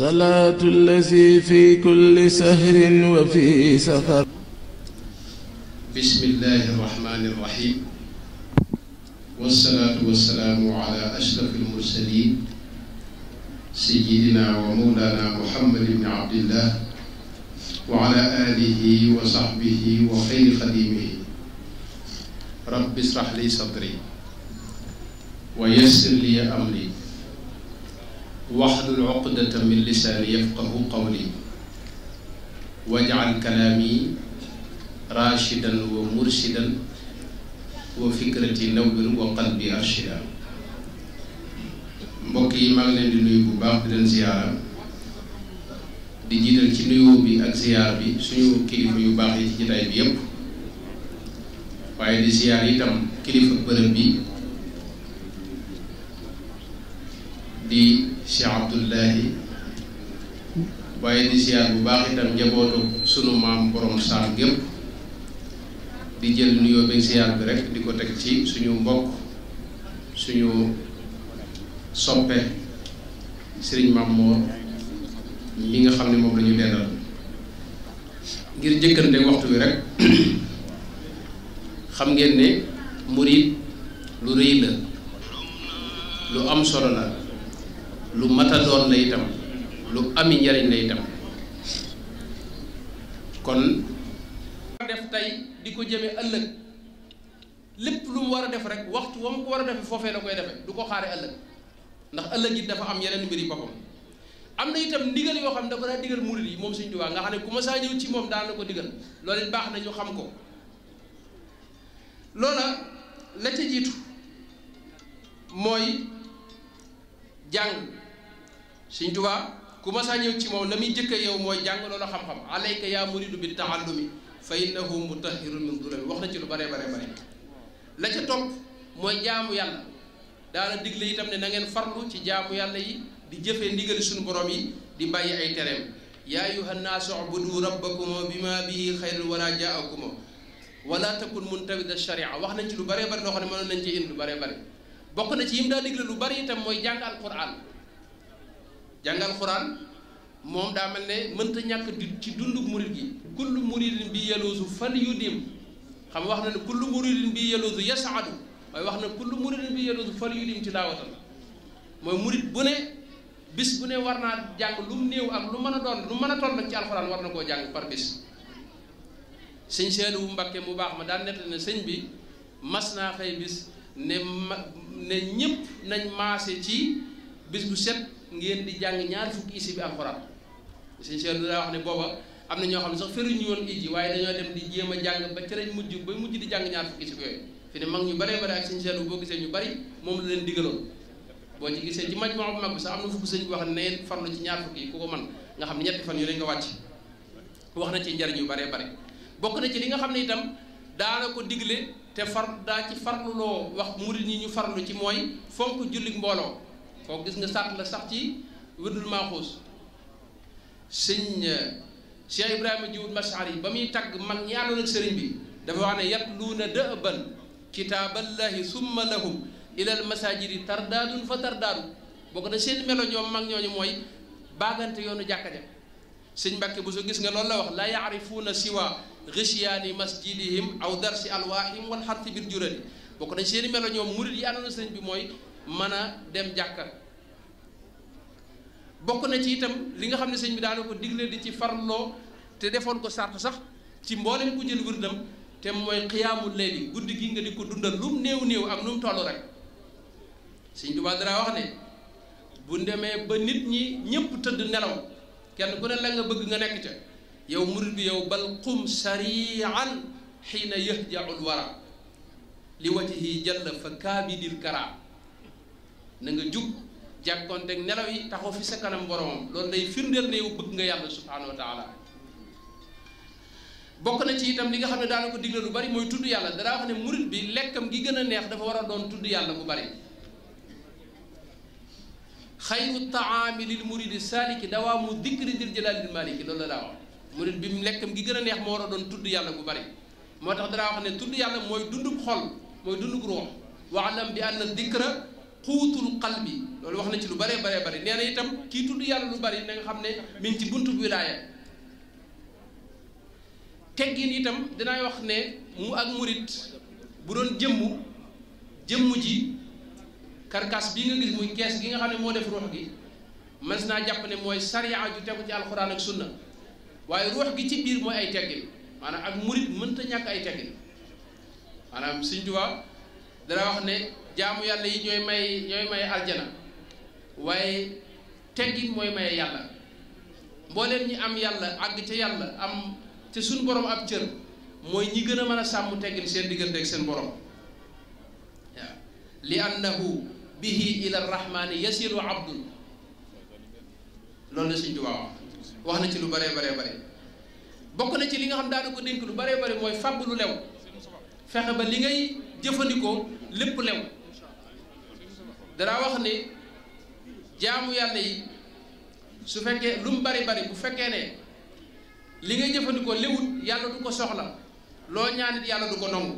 صلاة الذي في كل سهر وفي سفر بسم الله الرحمن الرحيم والصلاة والسلام على أشرف المرسلين سيدنا ومولانا محمد بن عبد الله وعلى آله وصحبه وخير خديمه رب اشرح لي صدري ويسر لي أمري واحلل عقدة من لساني يفقه قولي واجعل كلامي راشدا ومرشدا وفكرتي نور وقلبي ارشدا مبكي ماغ لين دي نوي بو باخ دي زيارة دي جيتال سي نويو بي اك زيارة بي سونو كليفا يو باخ يي سي جتاي بي ييب واي دي زيارة يتام كليفا بروم بي دي Cheikh Abdullahi waaye di ziar bu baax itam jabootu sunu mam borom sar gem di jël nuyo be ziar bi rek di tek ci suñu mbokk suñu soppe serigne mam mo li nga xamni mom lañu la ngir jëkënde waxtu wi rek xam ngeen ne murid lu reey la lu am solo la lu mat a la itam lu ami njariñ la itam kon def tey di ko jëme ëllëg lépp lu mu war a def rek waxtu wa mu ko war a defe foofee la koy defe du ko xaare ëllëg ndax ëllëg it dafa xam yeneen mbiri boppam am na itam ndigal yoo xam ne dafa daa digal murid yi moom Sëñ Tuubaa nga xam ne ku ma saa ñëw ci moom daan na ko digal loolu it baax na ñu xam ko loola la ca jiitu mooy jàng Sëñ Tuubaa ku masaa ñëw ci moom la muy jëkk yow mooy jàng loolu xam-xam alayka yaa muridu bi taallumi fa innahu mutahhirun min dulami wax na ci lu bare bare bare la ca topp mooy jaamu yàlla daana digle itam ne na ngeen farlu ci jaamu yàlla yi di jëfee ndigali suñu borom yi di bàyyi ay tereem yaa ayyuha nnaasu ubudu rabbakum bima bihi xayrul wara jaakum wala takun muntawida sharia wax nañ ci lu bare bare loo xam ne mënoon nañ ci indi lu bare bare bokk na ci yim daa digle lu bari itam mooy jàng alquran jàngal xuraan moom daa mel ne mënta ñàkk di ci dundug murid gi kullu muridin bi yaluusu fal yu dim xam wax na ne kullu muridin bi yaluusu yasaadu mooy wax na kullu muridin bi yaluusu fal yu dim ci laa daawatan mooy murid bu ne bis bu ne war naa jàng lu néew ak lu mën a doon lu mën a toll ci alxuraan war na koo jàng par bis sëñ wu Mbakke mu baax ma daan nettali ne sëñ bi mas naa xëy bis ne ma ne ñëpp nañ maase ci bis bu set ngeen di jàng ñaari fukki isi bi alxuraan suñ seen daa wax ne booba am na ñoo xam ne sax feruñu woon iji waaye dañoo dem di jéem a jàng ba ca lañ mujj ba mujj di jàng ñaar fukki isi bi yooyu fi ne mag ñu baree bari ak suñ seen boo gisee ñu bari moom la leen digaloon boo ci gisee ci maj moo bu mag bi sax am na sëñ bi wax ne neen farlu ci ñaar fukki yi ku xam ne ñetti fan yu lañ nga wàcc wax na ci njariñ yu baree bari bokk na ci li nga xam ne itam daa daana ko digle te far daa ci farluloo wax murid ñi ñu farlu ci mooy fonk jullit mbooloo ko gis nga sàrt la sax ci wërdul maaxuus seigne eh, Cheikh Ibrahima djoud mashari bamiy tag man yalla nak serigne bi dafa wax ne yatluna daban kitaballahi summa lahum ilal almasajidi tardadun fa tardaadu boo ko seen melo ñom mag ñooñu moy bagante yoonu jàkka ja sëñ Mbàkke bu so gis nga loolu la wax la ya'rifuna siwa gisyaani masjidihim aw darsi alwahim wal xarti jurali boo na seen melo ñom murit yi àndoon ak bi moy mana dem jakar. bokk na ci itam li nga xam ne sëñ bi daana ko digle di ci farloo te defoon ko sartu sax ci mboolem ku jël wirdam te mooy xiyaamul layli guddi gi nga di ko dundal lu mu néew néew ak nu mu toll rek sëñ Tuubaa dara wax ne bu demee ba nit ñi ñëpp tëdd nelaw kenn ku ne la nga bëgg nga nekk ca yow murid bi yow bal qum sarian xiina yahjaul wara li wajhi jalla fa kaabidil kara na nga jug jàkkoonte ak nelaw yi taxaw fi sa kanam boromam loolu day firndeel ne bëgg nga yàlla subhaanahu wa bokk na ci itam li nga xam ne daana ko digle lu bari mooy tudd yàlla danaa wax ne murit bi lekkam gi gën a neex dafa war a doon tudd yàlla bu bari xayru taami lil muridi saaliki dawaamu dikri dil jalaalil maliki loolu la daa wax murit bi lekkam gi gën a neex moo war a doon tudd yàlla bu bari moo tax danaa wax ne tudd yàlla mooy dundub xol mooy dundub ruux waalam bi anna dikra xuutul qalbi loolu wax na ci lu bëree bare bëri nee na itam kii tudd yàlla lu bëri na xam ne mi ci buntu wilaaya teggin itam dinaay wax ne mu ak murit bu doon jëmmu jëmmu ji karkaas bii nga gis muy kees gi nga xam ne moo def ruux gi mas naa jàpp ne mooy sariya ju tegu ci alxuraan ak sunna waaye ruux gi ci biir mooy ay teggin maanaam ak murit mënta ñàkk ay teggin maanaam Sëñ Tuubaa dana wax ne jaamu yàlla yi ñooy may ñooy may aljana waaye teggin mooy maye yàlla mbooleem ñi am yàlla àgg ca yàlla am ca suñu boroom ab cër mooy ñi gën a mën a sàmm teggin seen diggante ak seen borom waaw li annahu bihi ila rahmani yasiru abdul loolu la Sëñ Tuubaa wax na ci lu baree baree bare bokk na ci li nga xam daana ko denk lu baree bare mooy fàbb lu lew fexe ba li ngay jëfandikoo lépp lew danaa wax ni jaamu yàlla yi su fekkee lu mu bari bari bu fekkee ne li ngay jëfandikoo léwut yàlla du ko soxla loo ñaanit yàlla du ko nongu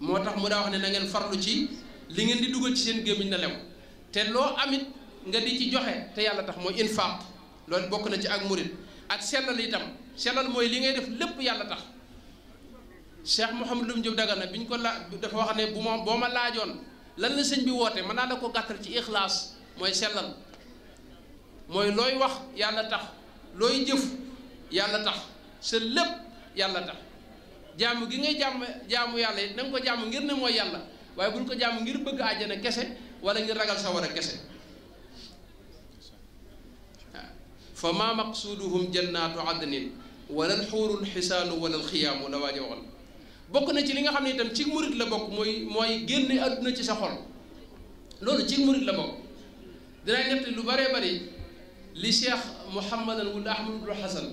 moo tax mu daa wax ne na ngeen farlu ci li ngeen di dugal ci seen gémmiñ na lew te loo amit nga di ci joxe te yàlla tax mooy infaaq loolu bokk na ci ak murit ak sellal itam sellal mooy li ngay def lépp yàlla tax Cheikh Mouhamadou Lamine Diop Dagana bi ñu ko la dafa wax ne bu ma boo ma laajoon lan la sëñ bi wootee mën naa la ko gàttal ci ixlaas mooy sellal mooy looy wax yàlla tax looy jëf yàlla tax sa lépp yàlla tax jaamu gi ngay jàmm jaamu yàlla yi na ko jaamu ngir ne mooy yàlla waaye bul ko jaamu ngir bëgg àjjana kese wala ngir ragal sa war a kese fa ma maqsuduhum jannaatu adnin wala alxuuru alxisaanu wala alxiyaamu la waaja waxoon bokk na ci li nga xam ne itam ci murit la bokk mooy mooy génne àdduna ci sa xol loolu ci murit la bokk dinaa ñett lu baree bari li cheikh mouhamadan wul ahmadul hasan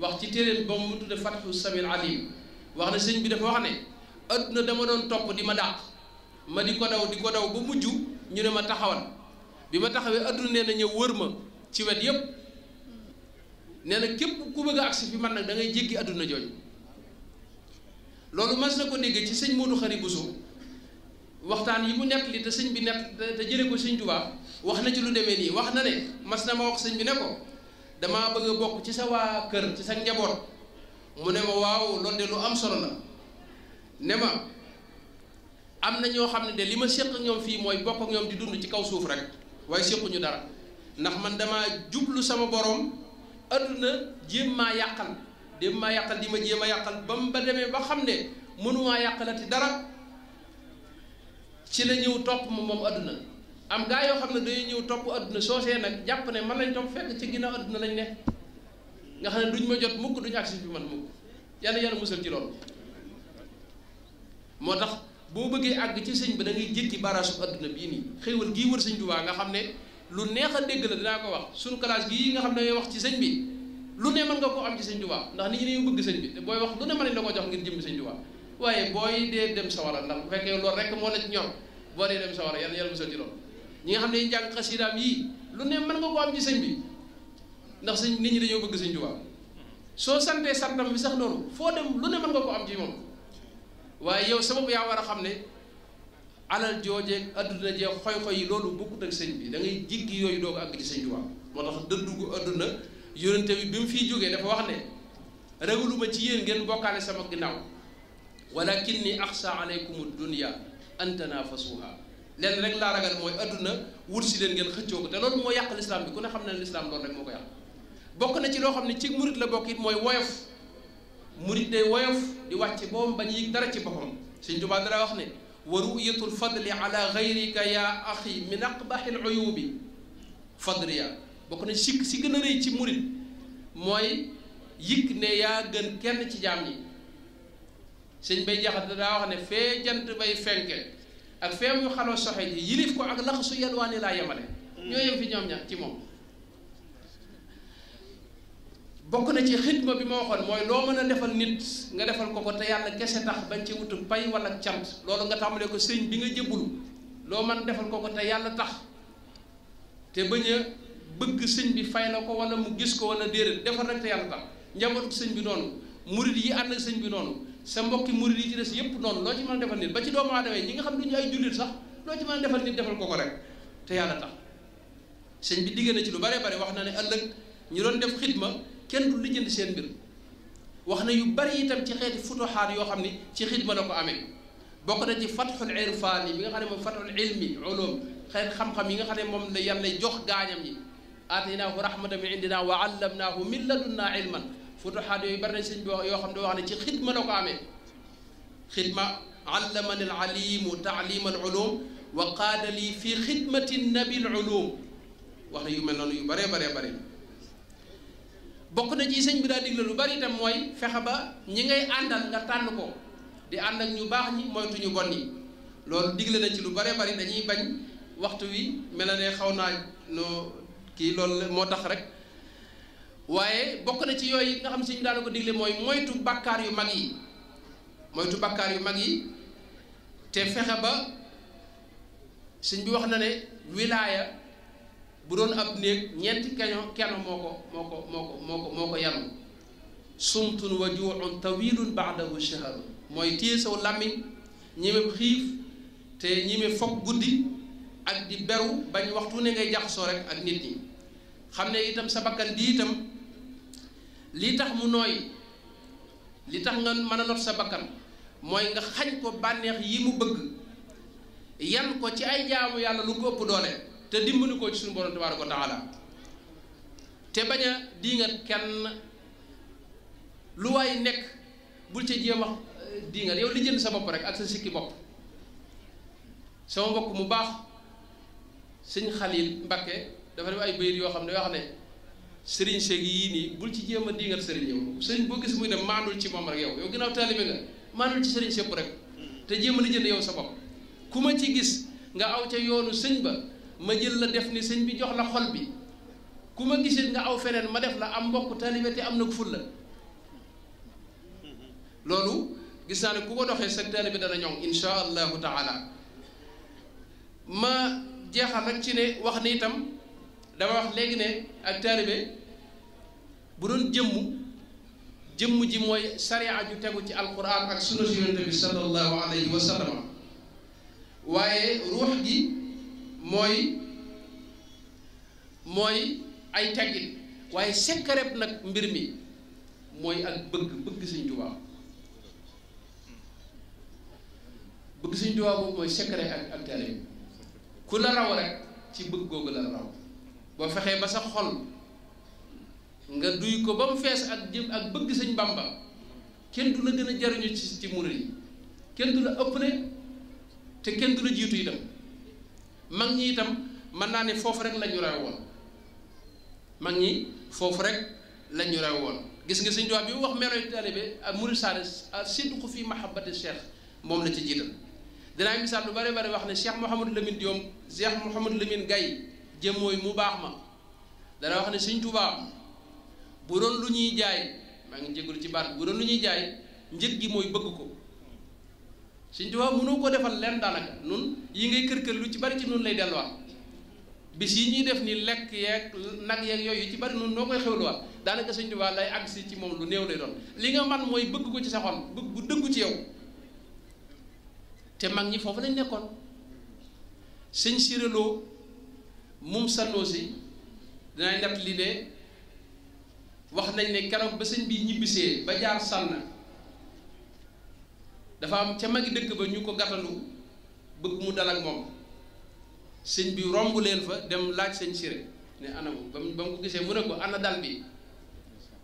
wax ci téeréen ba mu tudde fathu samil alim wax na sëñ bi dafa wax ne àdduna dama doon topp di ma daat ma di ko daw di ko daw ba mujj ñu ne ma taxawal bi ma taxawee àdduna nee na ñëw wër ma ci wet yépp nee na képp ku bëgg a agsi fi man nag da ngay jéggi àdduna jooju loolu mas na ko dégg ci sëñ Modou Khari Bousso waxtaan yi mu nekk li te sëñ bi nekk te jële ko sëñ Tuubaa wax na ci lu demee nii wax na ne mas na ma wax sëñ bi ne ko damaa bëgg a bokk ci sa waa kër ci sa njaboot mu ne ma waaw loolu de lu am solo la ne ma am na ñoo xam ne de li ma séq ak ñoom fii mooy bokk ak ñoom di dund ci kaw suuf rek waaye séquñu dara ndax man dama jublu sama borom adduna jéem maa yàqal dem maa yàqal di ma jéem a yàqal ba mu ba demee ba xam ne mënumaa yàqalati dara ci la ñëw topp ma moom àdduna am gaa yoo xam ne dañuy ñëw topp adduna soosee nag jàpp ne man lañ topp fekk ci ginnaaw àdduna lañ ne nga xam ne duñ ma jot mukk duñu agsi bi man mukk yàlla yàlla musal ci loolu moo tax boo bëggee àgg ci sëñ bi da ngay jéggi baraasu adduna bii nii xéewal gii wër sëñ waa nga xam ne lu neex a dégg la dinaa ko wax sunu classe gii nga xam ne ngay wax ci sëñ bi lu ne mën nga koo am ci sëñ Tuubaa ndax nit ñi dañu bëgg sëñ bi te booy wax lu ne mën nañ la ko jox ngir jëmmi sëñ Tuubaa waaye booy dee dem sawara ndax bu fekkee loolu rek moo la ci ñor boo dee dem sawara yàlla yàlla musal ci loolu ñi nga xam ne jàng xasidaam yii lu ne mën ko am ci sëñ bi ndax sëñ nit ñi dañoo bëgg sëñ Tuubaa soo santee santam bi sax noonu foo dem lu ne nga ko am ci moom yow sababu yaa war a xam ne alal joojeeg adduna jeeg xoy-xoy yi loolu bokkut ak sëñ da ngay jiggi yooyu doog àgg ci sëñ Tuubaa moo tax dëddu gu adduna yonente bi bimu fi joge dafa wax ne raguluma ci yéen ngeen bokkaale sama ginnaaw walakinni akhsha alaykum ad-dunya an tanafasuha len rek la ragal moy aduna wursi len ngeen xëccoo ko te loolu moo yàq l'islam bi ku ne xam ne lislaam loolu rek moo ko yàq bokk na ci loo xam ne ci murit la bokk it mooy woyof murit day woyof di wàcc boobam bañ yëg dara ci boppam Sëñ Tuubaa dara wax ne wa ruyatul fadli ala ghayrika ya akhi min aqbaxil uyubi fadriya bokk na sikk si gën a rëy ci murit mooy yikk ne yaa gën kenn ci jaam yi sëñ bay jaxat daa wax ne fee jant bay fenke ak fee muy xaloo soxe yi yilif ko ak laxasu yalwaani laa yemale ñoo yem fi ñoom ña ci moom bokk na ci xidma bi ma waxoon mooy loo mën a defal nit nga defal ko ko te yàlla kese tax bañ ci wutu pay wala cant loolu nga tàmbalee ko sëñ bi nga jëbbulu loo mën defal ko ko te yàlla tax te bañ a bëgg sëñ bi fay na ko wala mu gis ko wala déedéet defal rek te yàlla tax njabootu sëñ bi noonu murid yi ànd ak sëñ bi noonu sa mbokki murid yi ci des yépp noonu loo ci mën a defal nit ba ci doomu aadama yi ne ñu ay sax loo ci mën a defal nit ko ko te yàlla sëñ bi digg na ci lu bare bare wax na ne ëllëg ñu doon def xidma kenn du lijjanti seen mbir wax na yu bari itam ci xeeti futuxaat yoo xam ni ci xidma la ko amee bokk na ci fatxul irfaan yi bi nga xam ne moom fatxul ilmi ulum xeet xam-xam yi nga xam ne moom la yàlla jox gaañam yi aataynaahu rahmatan min indina wa allamnaahu min ladunnaa ilman futuxaat yooyu bari na sëñ bi yoo xam ne wax ne ci xidma la ko amee xidma allamani al alimu taalima al ulum wa qaada lii fi xidmati nabi al ulum wax na yu mel noonu yu bëree baree bëri bokk na ci sëñ bi daa digle lu bari itam mooy fexe ba ñi ngay àndal nga tànn ko di ànd ak ñu baax ñi moytuñu bon yi loolu digle na ci lu bëree bëri dañuy bañ waxtu wi mel na ne xaw naa no kii loolu moo tax rek waaye bokk na ci yooyu nga xam si ñu daana ko digle mooy moytu bàkkaar yu mag yi moytu bàkkaar yu mag yi te fexe ba sëñ bi wax na ne wilaaya bu doon ab néeg ñeenti keño kenn moo ko moo ko moo ko moo ko moo ko yanu sumtun wa juuxun tawilun baadahu shaharun mooy téye saw làmmiñ ñemeb xiif te ñeme foog guddi ak di beru bañ waxtu ne ngay jaxasoo rek ak nit ñi xam ne itam sa bakkan bi itam li tax mu nooy li tax nga mën a not sa bakkan mooy nga xañ ko bànneex yi mu bëgg yan ko ci ay jaamu yàlla lu ko ëpp doole te dimbali ko ci suñu borom tabaaraka wa taala te bañ a diingat kenn lu waay nekk bul ca jéem a eh, diingat yow li jënd sa bopp rek ak sa sikki bopp sama mbokk mu baax sëñ Xalil Mbakke dafa def ay bayit yoo xam ne yoo xam ne sëriñ seeg yii nii bul ci jéem a diingal sëriñ yow sëriñ boo gis muy ne maanul ci moom rek yow yow ginnaaw taalibe nga maanul ci sëriñ sépp rek te jéem a lijjënd yow sa bopp ku ma ci gis nga aw ca yoonu sëñ ba ma jël la def ni sëñ bi jox la xol bi ku ma gisit nga aw feneen ma def la am mboq taalibe te am na ku ful la loolu gis naa ne ku ko doxee sa taalibe dana ñoŋ insha allahu taala ma jeexal rek ci ne wax ni itam dama wax léegi ne ak taalibe bu doon jëmm jëmm ji mooy sariya ju tegu ci alquran ak sunna si yonente bi sallallahu alayhi wa waaye ruux gi mooy mooy ay teggit waaye sekkareb nag mbir mi mooy ak bëgg bëgg Sëñ Tuubaa bëgg Sëñ Tuubaa boobu mooy sekkare ak ak ku la raw rek ci bëgg googu la raw boo fexee ba sa xol nga duy ko ba mu fees ak jëm ak bëgg sëñ Bàmba kenn du la gën a jariñu ci ci yi kenn du la ëpp ëppale te kenn du la jiitu itam mag ñi itam mën naa ne foofu rek lañu raw woon mag ñi foofu rek lañu raw woon gis nga sëñ Tuubaa bi wax meroy taalibe ak murid saalis ak siddu ko fii mahabbati cheikh moom la ci jiital dinaa misaal lu bare bare wax ne Cheikh Mouhamadou Lamine Diom Cheikh Mouhamadou Lamine Gaye jëm mooy mu baax ma dana wax ne Sëñ Tuubaa bu doon lu ñuy jaay maa ngi jégalu ci baat lu ñuy jaay njëg gi mooy bëgg ko Sëñ Tuubaa mënoo ko defal lenn daanaka nun yi ngay kër kër lu ci bari ci nun lay delluwaat bis yi ñuy def ni lekk yeeg nag yeeg yooyu ci bari nun noo koy xewluwaat daanaka Sëñ Tuubaa lay agsi ci moom lu néew lay doon li nga man mooy bëgg ko ci sa xol bëgg bu dëggu ci yow te mag ñi foofu lañ nekkoon sëñ siréloo moom Sanosi dinañ def li ne wax nañ ne keroog ba sëñ bi ñibbisee ba jaar sànn dafa am ca magi dëkk ba ñu ko gàttandu bëgg mu dal ak moom sëñ bi romb leen fa dem laaj sëñ Siré ne anamu ba mu ba mu ko gisee mu ne ko ana dal bi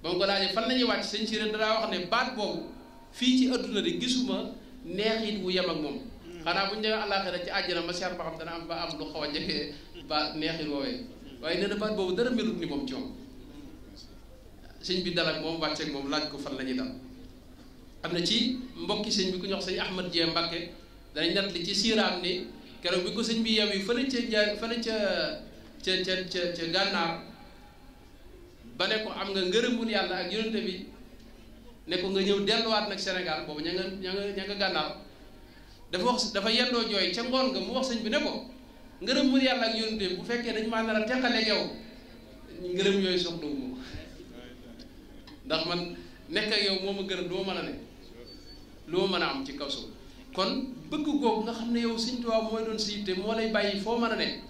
ba mu ko laajee fan la ñuy wàcc sëñ Siré danaa wax ne baat boobu fii ci adduna de gisuma neexit wu yem ak moom hmm. xanaa bu ñu demee àllaaxira ci àjjana ma seer ba xam dana am ba am lu xaw a jege ba neexin woowee waaye nee na baat boobu dara melut ni moom ci moom sëñ bi dal ak moom wàcceeg moom laaj ko fan lañuy ñuy dal am na ci mbokki sëñ bi ñox sëñ Ahmad Jee Mbàkke danañ nat li ci siiraam ni keroog bi ko sëñ bi yem yi fële ca ja ca ca ca gànnaar ba ne ko am nga ngërëmul yàlla ak yonente bi ne ko nga ñëw delluwaat nag Sénégal boobu ña nga ña gànnaar dafa wax dafa yendoo jooy ca ngoon nga mu wax sëñ bi ne ko ngërëm bu yàlla ak yónte bu fekkee dañu maa nar a teqale yow ngërëm yooyu soxla wu ko ndax man nekk ak yow moo ma gën a doo mën a ne loo mën a am ci kaw suuf kon bëgg googu nga xam ne yow Sëñ Tuubaa mooy doon sa yitte moo lay bàyyi foo man a ne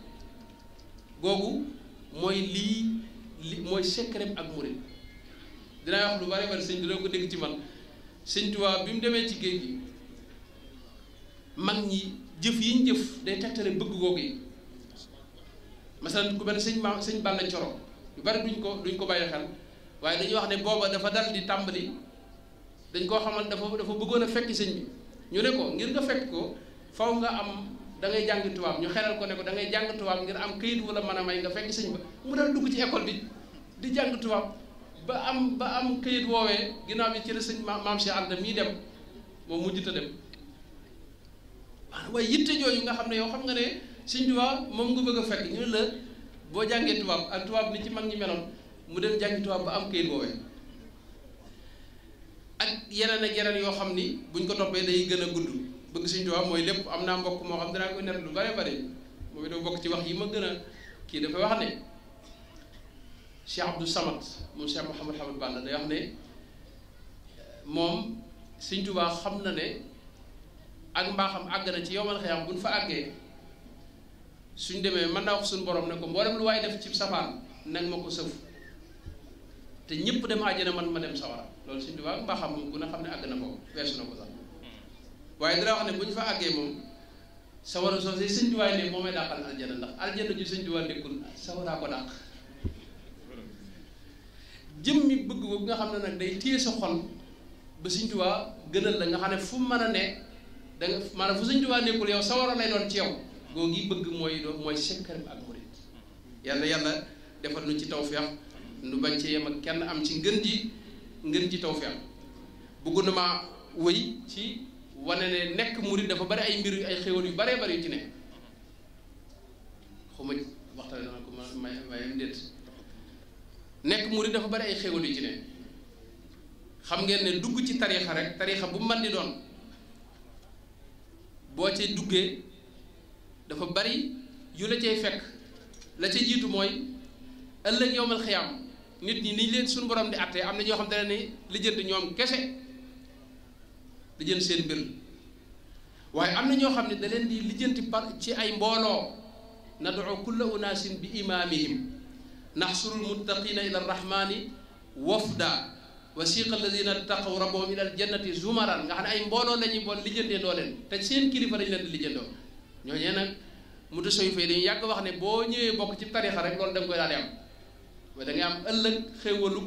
googu mooy lii li mooy secret ak murid dinaa wax lu bari bari sëñ dina ko dégg ci man Sëñ Tuubaa bi mu demee ci géej gi mag ñi jëf yi ñu jëf day tegtale bëgg googu yi masalan ko benn sañ ma sañ Balla Coro yu bari duñ ko duñ ko bay xel waaye dañuy wax ne booba dafa dal di tàmbali dañ koo xamal dafa dafa bëggoon a fekki sëñ bi ñu ne ko ngir nga fekk ko faw nga am da ngay jàng tubaab ñu xelal ko ne ko dangay ngay jàng tubaab ngir am këyit wala man a may nga fekk sañ ba mu dal dugg ci ecole bi di jàng tubaab ba am ba am këyit woowee ginnaaw bi ci la sëñ maam si ànd mii dem moom mujj ta dem waaye yitte jooju nga xam ne yow xam nga ne Sëñ Tuubaa moom nga bëgg a fekk ñu la boo jàngee tubaab ak tubaab ni ci mag ñi meloon mu dem jàngi tubaab ba am këyit boobee ak yeneen ak yeneen yoo xam ni buñ ko toppee day gën a gudd bëgg Sëñ Tuubaa mooy lépp am naa mbokk moo xam danaa koy ner lu bare bare moom itam bokk ci wax yi ma gën a kii dafa wax ne Cheikh Abdou Samad moom Cheikh Mouhamad Hamad day wax ne moom Sëñ Tuubaa xam na ne ak mbaaxam àgg na ci yomal xëyam buñ fa àggee suñ demee man naa wax suñu borom ne ko mboolem lu waaye def ci safaan nag ma ko sëf te ñëpp dem àjjana man ma dem sawara loolu suñ tubaab mbaaxam moom ku ne xam ne àgg na ko na ko waaye dara wax ne bu ñu fa àggee moom sawara soosee sëñ tubaab ne moo may dàqal aljana ndax aljana ju sëñ tubaab nekkul sawaraa ko dàq jëm mi bëgg boobu nga xam ne nag day téye sa xol ba sëñ tubaab gënal la nga xam ne fu mu mën a ne danga maanaam fu sëñ tubaab nekkul yow sawara lay doon ci yow googu yi bëgg mooy doo mooy sekkaram ak murit yàlla yàlla defal nu ci tawfeex nu bañ ci yem kenn am ci ngën ji ngën ji tawfeex bëggoon na maa wëy ci wane ne nekk murit dafa bari ay mbir ay xéwal yu baree bari yu ci ne xuma waxtaan naa ko ma mayam déet nekk murit dafa bari ay xéwal yu ci ne xam ngeen ne dugg ci tariixa rek tariixa bu man mën di doon boo ci duggee dafa bari yu la cay fekk la ca jiitu mooy ëllëg yowmal xiyaam nit ñi niñ leen suñu borom di àttee am na ñoo xam ne ni lijjanti ñoom kese lijjanti seen mbir waaye am na ñoo xam ne da leen di lijjanti par ci ay mbooloo nad'u kulla unaasin bi imaamihim naxsuru lmuttaqiina ila arrahmani wafda wasiqa alladina taqaw rabbahum ila aljannati zumaran nga xam ne ay mbooloo la ñuy bon lijjantee doo leen te seen kilifa lañ leen di lijjandoo ñooñee nag mu tasawuf yi dañuy yàgg wax ne boo ñëwee bokk ci tarixa rek loolu da nga koy daal di am waaye da am ëllëg xéwalu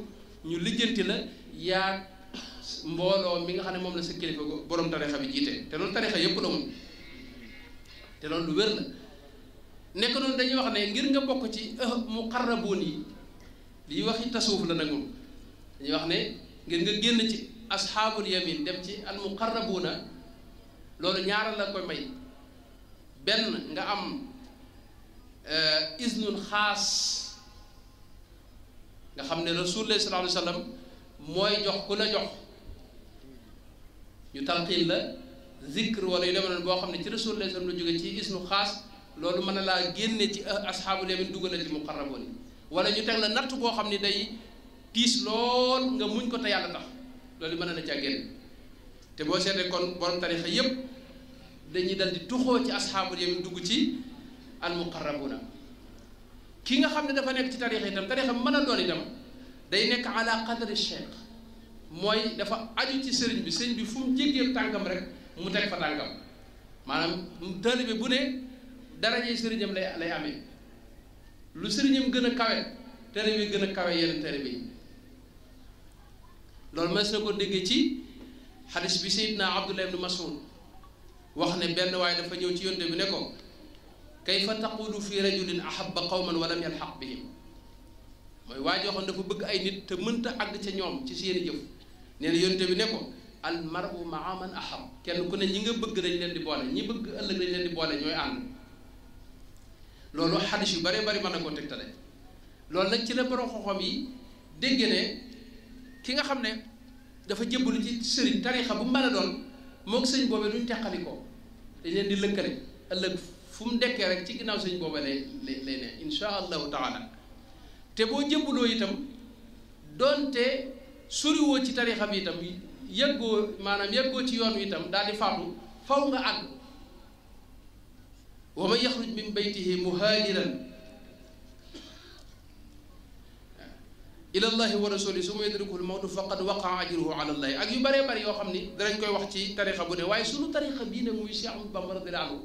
ñu lijjanti la yaag mbooloo mi nga xam ne moom la sa kilifa borom tarixa bi jiite te loolu tarixa yëpp la te loolu lu wér la nekk noonu dañuy wax ne ngir nga bokk ci muqarrabuun yi lii waxi tasawuf la nag moom dañuy wax ne ngir nga génn ci as asxaabul yamin dem ci al muqarrabuuna loolu ñaaral la koy may benn nga am euh, isnul xaas nga xam ne rasulullah sallallahu alayhi wa sallam mooy jox ku la jox ñu talxiin la zikr wala yu demee noonu boo xam ne ci rasulullah sallam la jóge ci isnu xaas loolu mën na laa génne ci asxaabul yamin dugale ci muqarraboon yi wala ñu teg la natt boo xam ne day tiis lool nga muñ ko te yàlla tax loolu mën na la caa génn te boo seetee kon borom tarixa yépp dañuy dal di tuxoo ci asxaabul yamin dugg ci almuqarrabuna ki nga xam ne dafa nekk ci tarixa itam tarixa mën a doon itam day nekk ala qadri cheikh mooy dafa aju ci sëriñ bi sëriñ bi fu mu jéggee tànkam rek mu teg fa tànkam maanaam taalibe bu ne darajee sëriñam lay lay lu sëriñam gën a kawe taalibe gën a kawe yenn taalibe loolu mas na ko déggee ci xadis bi sayidna Abdullah ibn Mas'ud وحنا بين وعينا فنيوتيون دبنكم كيف تقول في رجل أحب قوما ولم يلحق بهم ما يواجه خلنا في بقى أي نت من تعقد تنيوم تسير يف نيوتيون دبنكم المرء مع من أحب كأنه كنا نيجي بقى رجلين دبوانا نيجي بقى رجلين دبوانا نيوي أن لولو حدش بري بري ما نقول تكتله لولا كلا برو خامي دعنة كيغا خامنة دفع جبلة سرير تاريخ أبو مالدون موكسين بوبلون تكاليكو dañ leen di lëkkale ëllëg fu mu dekkee rek ci ginnaaw sëñ booba lay lay lay ne insha allahu taala te boo jëbbuloo itam doonte suriwoo ci tarixa bi itam yëggoo maanaam yëggoo ci yoon wi itam daal di faatu faw nga àgg wa man yaxruj min baytihi muhaajiran إلى الله ورسوله سمو يدرك الموت فقد وقع أجره على الله أك يو باري باري وخم ني دا نكوي واخ تي تاريخ بو ني واي سونو تاريخ بي ني موي شيخ عبد بامر رضي الله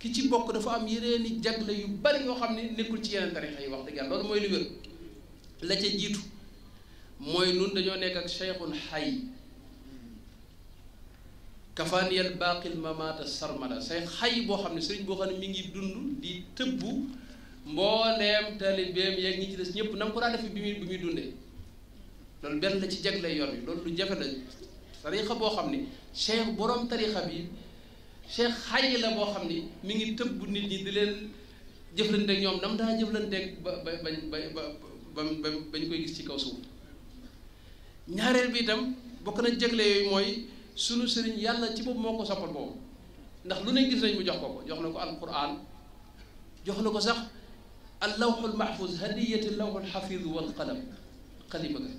كي تي بوك دا فا ام يرين جاغلا يو باري يو خم ني نيكول تي يين تاريخ اي واخ دغال لول موي لي وير لا تي جيتو موي نون دانيو نيك اك شيخ حي كفاني الباقي الممات السرمدا شيخ حي بو خم ني سيرن بو خم ني دي تبو mbooleem talibeem yeeg ñi ci des ñëpp na mu ko daa def bi bu muy dundee loolu benn la ci jagle yoon yi loolu lu jafe la tarixa boo xam ni cheikh borom tarixa bi cheikh xaaj yi la boo xam ni mi ngi tëbb nit ñi di leen jëflanteeg ñoom nam daa jëflanteeg ba ba bañ ba ba bañ koy gis ci kaw suuf ñaareel bi itam bokk na jagle yooyu mooy sunu sëriñ yàlla ci boobu moo ko soppal boobu ndax lu ne gis nañ mu jox ko jox na ko alquran jox na ko sax. اللوح المحفوظ هدية اللوح الحفيظ والقلم قلم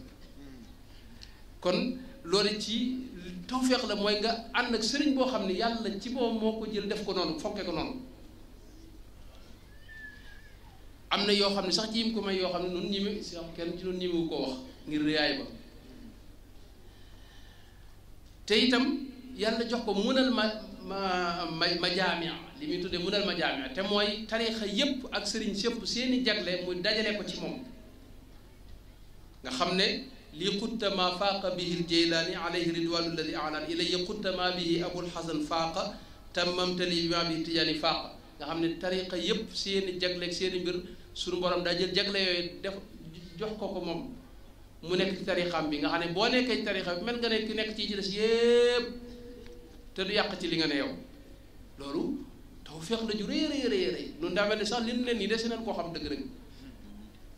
كن لوريتي توفيق لا موي عندك سيرن بو خامني يالا تي بو موكو جيل ديف كو نون فوكي كو نون امنا يو خامني صاح تي يمكو ماي يو خامني نون نيمي سيام كين تي نون نيمو كو واخ ما ما ما جامع li muy mudal ma jami te moy tarikha yep ak serigne chep seni jagle moy dajale ko ci mom nga xamne li qutta ma faqa bihi al ljeylaani alayhi ridwanu alladhi a'lan ilayya qutta ma bihi abul xasan faqa tamamta li ma bi tijani faqa nga xamne tarikha yep seni jagle ak seni mbir suñu borom daa jagle yooyu def jox ko ko mom mu nek ci tarixam bi nga xamne bo boo nekkee ci tarixa bi mel nga nek ki nekk ci ci dess yep te du yak ci li nga ne yow loolu tawfiq na ju re re re re nu daa mel sax lin len ni dess nañ ko xam deug rek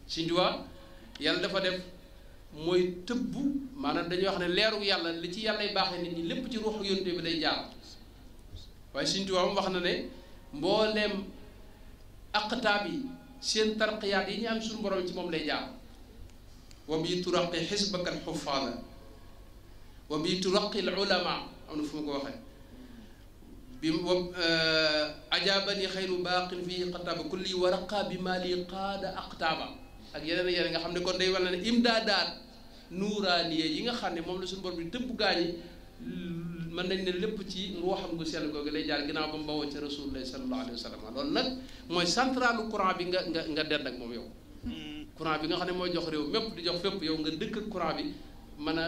seigne Tuubaa yalla dafa def moy teub manam dañuy wax ne leeru yalla li ci yalla baxé nit ñi lepp ci ruuxu yonte bi day jaar way seigne Tuubaa mu wax na ne mbooleem aqtaab yi seen tarqiyat yi ñi am suñu borom ci mom lay jaar wa bi turaqi xisbaka alxufaada wa bi turaqi al ulama am fu ko waxe bi mu moom euh, ajaabani xayru baaqin fii xataaba kulli wa raqa bi mali qaada aqtaaba ak yeneen yeneen nga xam ne kon day war na ne imdaadaat nuuraaniye yi nga xam ne moom la suñu borom bi tëbb yi man nañ ne lépp ci ruuxam gu sell googu lay jaar ginnaaw ba mu bawoo ci rasulullahi sallallahu alayhi wa sallam loolu nag mooy centralu courant bi nga nga nga dend ak moom yow. Hmm. courant bi nga xam ne mooy jox réew mépp di jox fépp yow nga dëkk ak bi man a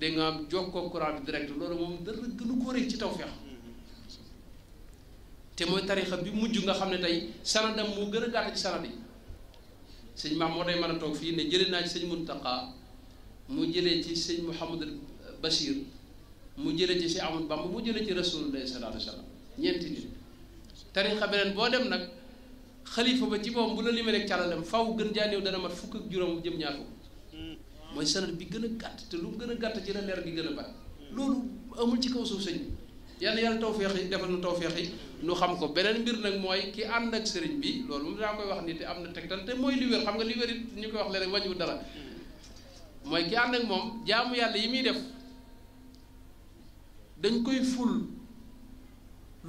da nga am jokkoo courant bi direct loolu moom dara gënu ko rëy ci tawfeex te mooy tarixa bi mujj nga xam ne tey sanadam moo gën a gàtt ci sanad yi sëñ maam moo day mën a toog fii ne jëlee naa ci sëñ Muntaqa mu jëlee ci sëñ Mouhamadul Bachir mu jëlee ci si Ahmadu Bamba mu jëlee ci Rasulullah sallallahu alayhi wa sallam ñeenti nit tarixa beneen boo dem nag xalifa ba ci moom bu la limee rek càllalem faw gën jaaneew dana mat fukk ak juróom jëm ñaar fukk hmm. mooy sanad bi gën a gàtt te lu mu gën a gàtt ci la leer gi gën a bari loolu amul ci kaw suuf sëñ yàlla yàlla tawféex yi defal nu tawféex yi nu xam ko beneen mbir nag mooy ki ànd ak sëriñ bi loolu moom daa koy wax ni te na tegtal te mooy li wér xam nga li wér it ñu koy wax leneen wàññiwul dara mooy ki ànd ak moom jaamu yàlla yi muy def dañ koy ful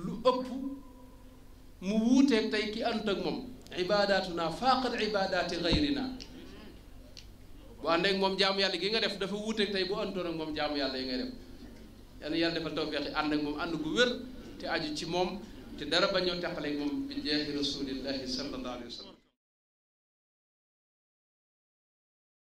lu ëpp mu wuuteeg tey ki ànd ak moom ibaadaatuna faaqat ibaadaati gayrina bu ànd ak moom jaamu yàlla gi nga def dafa wuuteeg tey bu àndoon ak moom jaamu yàlla yi ngay def yàlla yàlla defal tawfeex ànd ak moom ànd gu wér te aju ci moom te dara bañoo teqaleeg moom bi jeexi rasulillahi sallallahu alayhi wa sallam